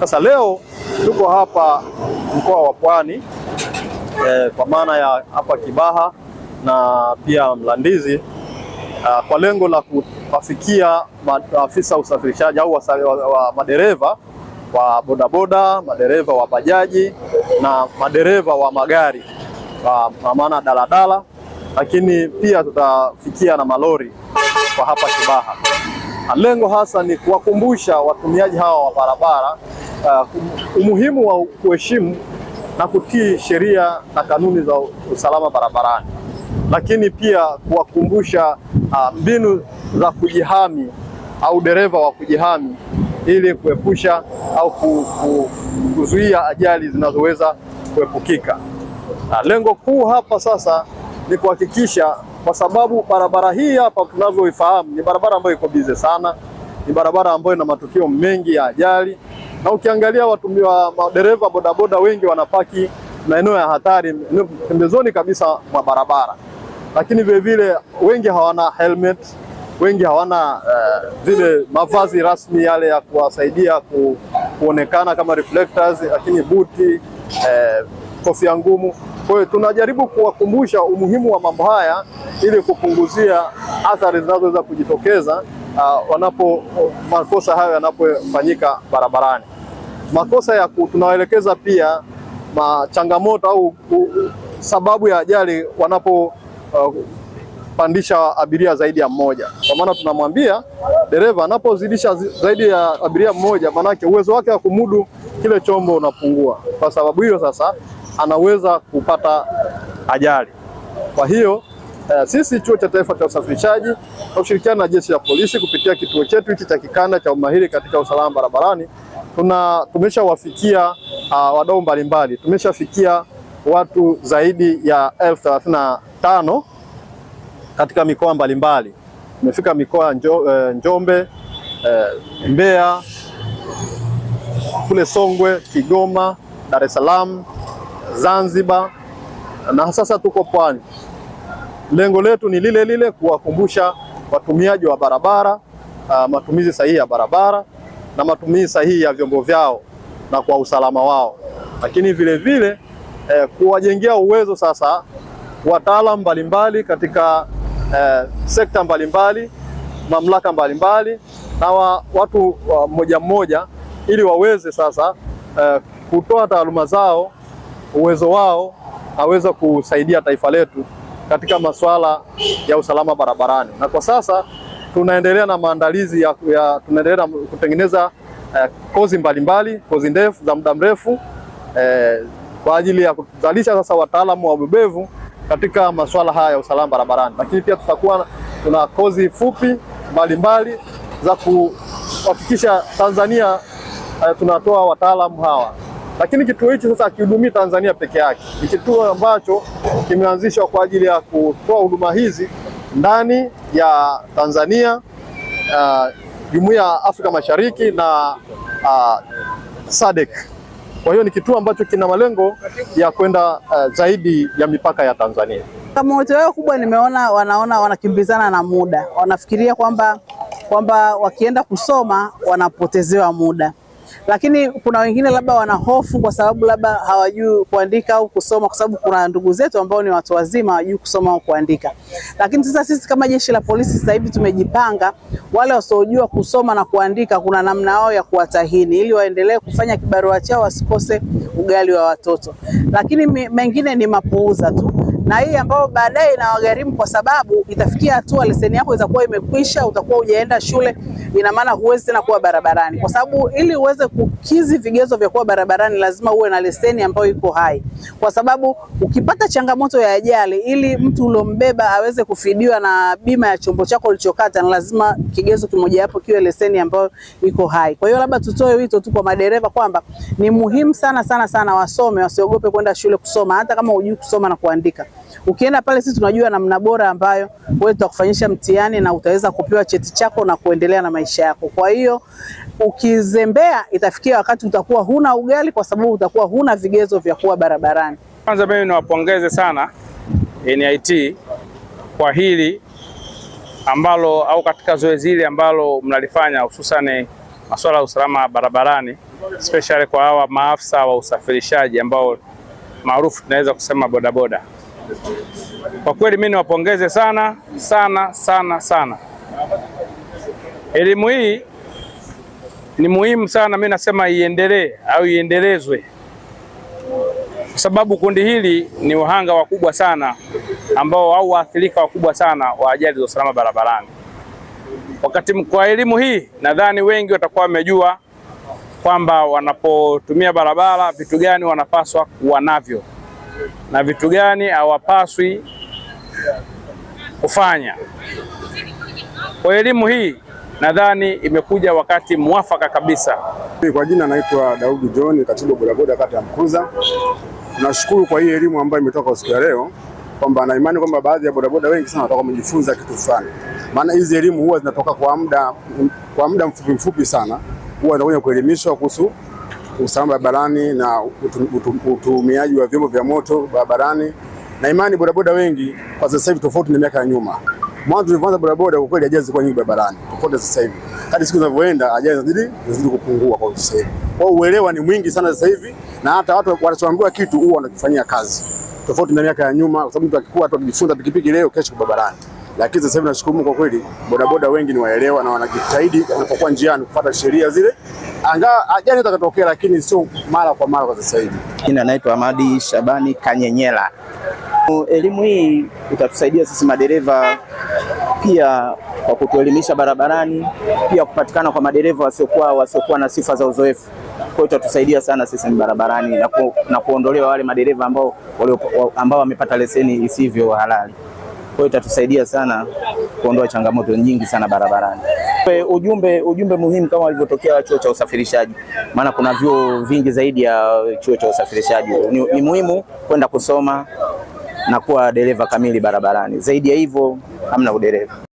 Sasa leo tuko hapa mkoa wa Pwani e, kwa maana ya hapa Kibaha na pia Mlandizi ah, kwa lengo la kuwafikia maafisa usafirishaji au wa, wa madereva wa bodaboda, madereva wa bajaji na madereva wa magari kwa maana daladala, lakini pia tutafikia na malori kwa hapa Kibaha. Lengo hasa ni kuwakumbusha watumiaji hawa wa barabara uh, umuhimu wa kuheshimu na kutii sheria na kanuni za usalama barabarani, lakini pia kuwakumbusha uh, mbinu za kujihami au dereva wa kujihami ili kuepusha au ku, ku, kuzuia ajali zinazoweza kuepukika. Na lengo kuu hapa sasa ni kuhakikisha, kwa sababu barabara hii hapa tunavyoifahamu ni barabara ambayo iko bize sana, ni barabara ambayo ina matukio mengi ya ajali na ukiangalia watumiwa madereva bodaboda wengi wanapaki maeneo ya hatari, pembezoni kabisa mwa barabara, lakini vilevile wengi hawana helmet, wengi hawana eh, vile uh, mavazi rasmi yale ya kuwasaidia ku, kuonekana kama reflectors, lakini buti uh, kofia ngumu. Kwa hiyo tunajaribu kuwakumbusha umuhimu wa mambo haya ili kupunguzia athari zinazoweza kujitokeza uh, wanapo makosa hayo yanapofanyika barabarani. Makosa ya tunawaelekeza pia machangamoto au u, sababu ya ajali wanapopandisha ah, uh, abiria zaidi ya mmoja, kwa maana tunamwambia dereva anapozidisha zaidi ya abiria mmoja, manake uwezo wake wa kumudu kile chombo unapungua. Kwa sababu hiyo sasa anaweza kupata ajali. Kwa hiyo Eh, sisi Chuo cha Taifa cha Usafirishaji na ushirikiano na Jeshi la Polisi kupitia kituo chetu hichi cha kikanda cha umahiri katika usalama barabarani tuna tumeshawafikia uh, wadau mbalimbali, tumeshafikia watu zaidi ya elfu thelathini na tano katika mikoa mbalimbali. Tumefika mikoa njo, eh, Njombe eh, Mbeya kule Songwe, Kigoma, Dar es Salaam, Zanzibar na sasa tuko Pwani. Lengo letu ni lile lile, kuwakumbusha watumiaji wa barabara uh, matumizi sahihi ya barabara na matumizi sahihi ya vyombo vyao na kwa usalama wao, lakini vile vile eh, kuwajengea uwezo sasa wataalamu mbalimbali katika eh, sekta mbalimbali, mamlaka mbalimbali na wa, watu wa mmoja mmoja, ili waweze sasa eh, kutoa taaluma zao, uwezo wao, aweza kusaidia taifa letu katika masuala ya usalama barabarani, na kwa sasa tunaendelea na maandalizi ya, ya tunaendelea kutengeneza eh, kozi mbalimbali kozi ndefu za muda mrefu eh, kwa ajili ya kuzalisha sasa wataalamu wa ubebevu katika masuala haya ya usalama barabarani, lakini pia tutakuwa tuna kozi fupi mbalimbali za kuhakikisha Tanzania eh, tunatoa wataalamu hawa. Lakini kituo hichi sasa hakihudumii Tanzania peke yake, ni kituo ambacho kimeanzishwa kwa ajili ya kutoa huduma hizi ndani ya Tanzania, uh, Jumuiya uh, ya Afrika Mashariki na uh, SADC. Kwa hiyo ni kituo ambacho kina malengo ya kwenda uh, zaidi ya mipaka ya Tanzania. Changamoto yao kubwa nimeona, wanaona wanakimbizana na muda, wanafikiria kwamba kwamba wakienda kusoma wanapotezewa muda lakini kuna wengine labda wana hofu kwa sababu labda hawajui kuandika au kusoma, kwa sababu kuna ndugu zetu ambao ni watu wazima hawajui kusoma au kuandika. Lakini sasa sisi kama jeshi la polisi sasa hivi tumejipanga, wale wasiojua kusoma na kuandika kuna namna yao ya kuwatahini, ili waendelee kufanya kibarua chao, wasikose ugali wa watoto. Lakini mengine ni mapuuza tu na hii ambayo baadaye inawagharimu kwa sababu itafikia hatua leseni yako itakuwa imekwisha, utakuwa hujaenda shule, ina maana huwezi tena kuwa barabarani, kwa sababu ili uweze kukizi vigezo vya kuwa barabarani lazima uwe na leseni ambayo iko hai, kwa sababu ukipata changamoto ya ajali, ili mtu uliombeba aweze kufidiwa na bima ya chombo chako ulichokata, na lazima kigezo hapo kiwe leseni ambayo iko hai. Kwa hiyo labda tutoe wito tu kwa madereva kwamba ni muhimu sana sana sana wasome, wasiogope kwenda shule kusoma, hata kama hujui kusoma na kuandika. Ukienda pale sisi tunajua namna bora ambayo wewe tutakufanyisha mtihani na utaweza kupewa cheti chako na kuendelea na maisha yako. Kwa hiyo ukizembea, itafikia wakati utakuwa huna ugali, kwa sababu utakuwa huna vigezo vya kuwa barabarani. Kwanza mimi niwapongeze sana NIT kwa hili ambalo au katika zoezi hili ambalo mnalifanya hususan masuala ya usalama barabarani, especially kwa hawa maafisa wa usafirishaji ambao maarufu tunaweza kusema bodaboda. Kwa kweli mimi niwapongeze sana sana sana sana. Elimu hii ni muhimu sana, mimi nasema iendelee au iendelezwe, kwa sababu kundi hili ni wahanga wakubwa sana ambao au waathirika wakubwa sana wa ajali za usalama barabarani. Wakati kwa elimu hii, nadhani wengi watakuwa wamejua kwamba wanapotumia barabara vitu gani wanapaswa kuwa navyo na vitu gani hawapaswi kufanya. Kwa elimu hii nadhani imekuja wakati mwafaka kabisa. Kwa jina naitwa Daudi John, katibu bodaboda kata ya Mkuza. nashukuru kwa hii elimu ambayo imetoka siku ya leo, kwamba na imani kwamba baadhi ya bodaboda wengi sana watakuwa wamejifunza kitu fulani, maana hizi elimu huwa zinatoka kwa muda kwa muda mfupi mfupi sana, huwa zinakuja kuelimishwa kuhusu usalama barabarani na utumiaji wa vyombo vya moto barabarani, na imani bodaboda wengi kwa sasa hivi, tofauti na miaka ya nyuma. Mwanzo tulivyoanza bodaboda, kwa kweli ajali zilikuwa nyingi barabarani, tofauti sasa hivi. Hadi siku zinavyoenda ajali zinazidi zinazidi kupungua kwa sasa hivi. Kwa uelewa ni mwingi sana sasa hivi, na hata watu wanachoambiwa kitu huwa wanakifanyia kazi, tofauti na miaka ya nyuma, kwa sababu mtu akikua tu akijifunza pikipiki leo, kesho barabarani lakini sasa hivi nashukuru kwa kweli, bodaboda wengi ni waelewa na wanajitahidi wanapokuwa njiani kupata sheria zile, angaa ajali ah, itakatokea, lakini sio mara kwa mara kwa sasa hivi. Mimi naitwa Ahmadi Shabani Kanyenyela. Elimu hii itatusaidia sisi madereva pia kwa kutuelimisha barabarani, pia kupatikana kwa madereva wasiokuwa wasiokuwa na sifa za uzoefu. Kwa hiyo itatusaidia sana sisi barabarani na, ku, na kuondolewa wale madereva ambao ambao wamepata leseni isivyo halali. Kwa hiyo itatusaidia sana kuondoa changamoto nyingi sana barabarani. E, ujumbe, ujumbe muhimu kama walivyotokea chuo cha usafirishaji, maana kuna vyuo vingi zaidi ya chuo cha usafirishaji. Ni, ni muhimu kwenda kusoma na kuwa dereva kamili barabarani. Zaidi ya hivyo hamna udereva.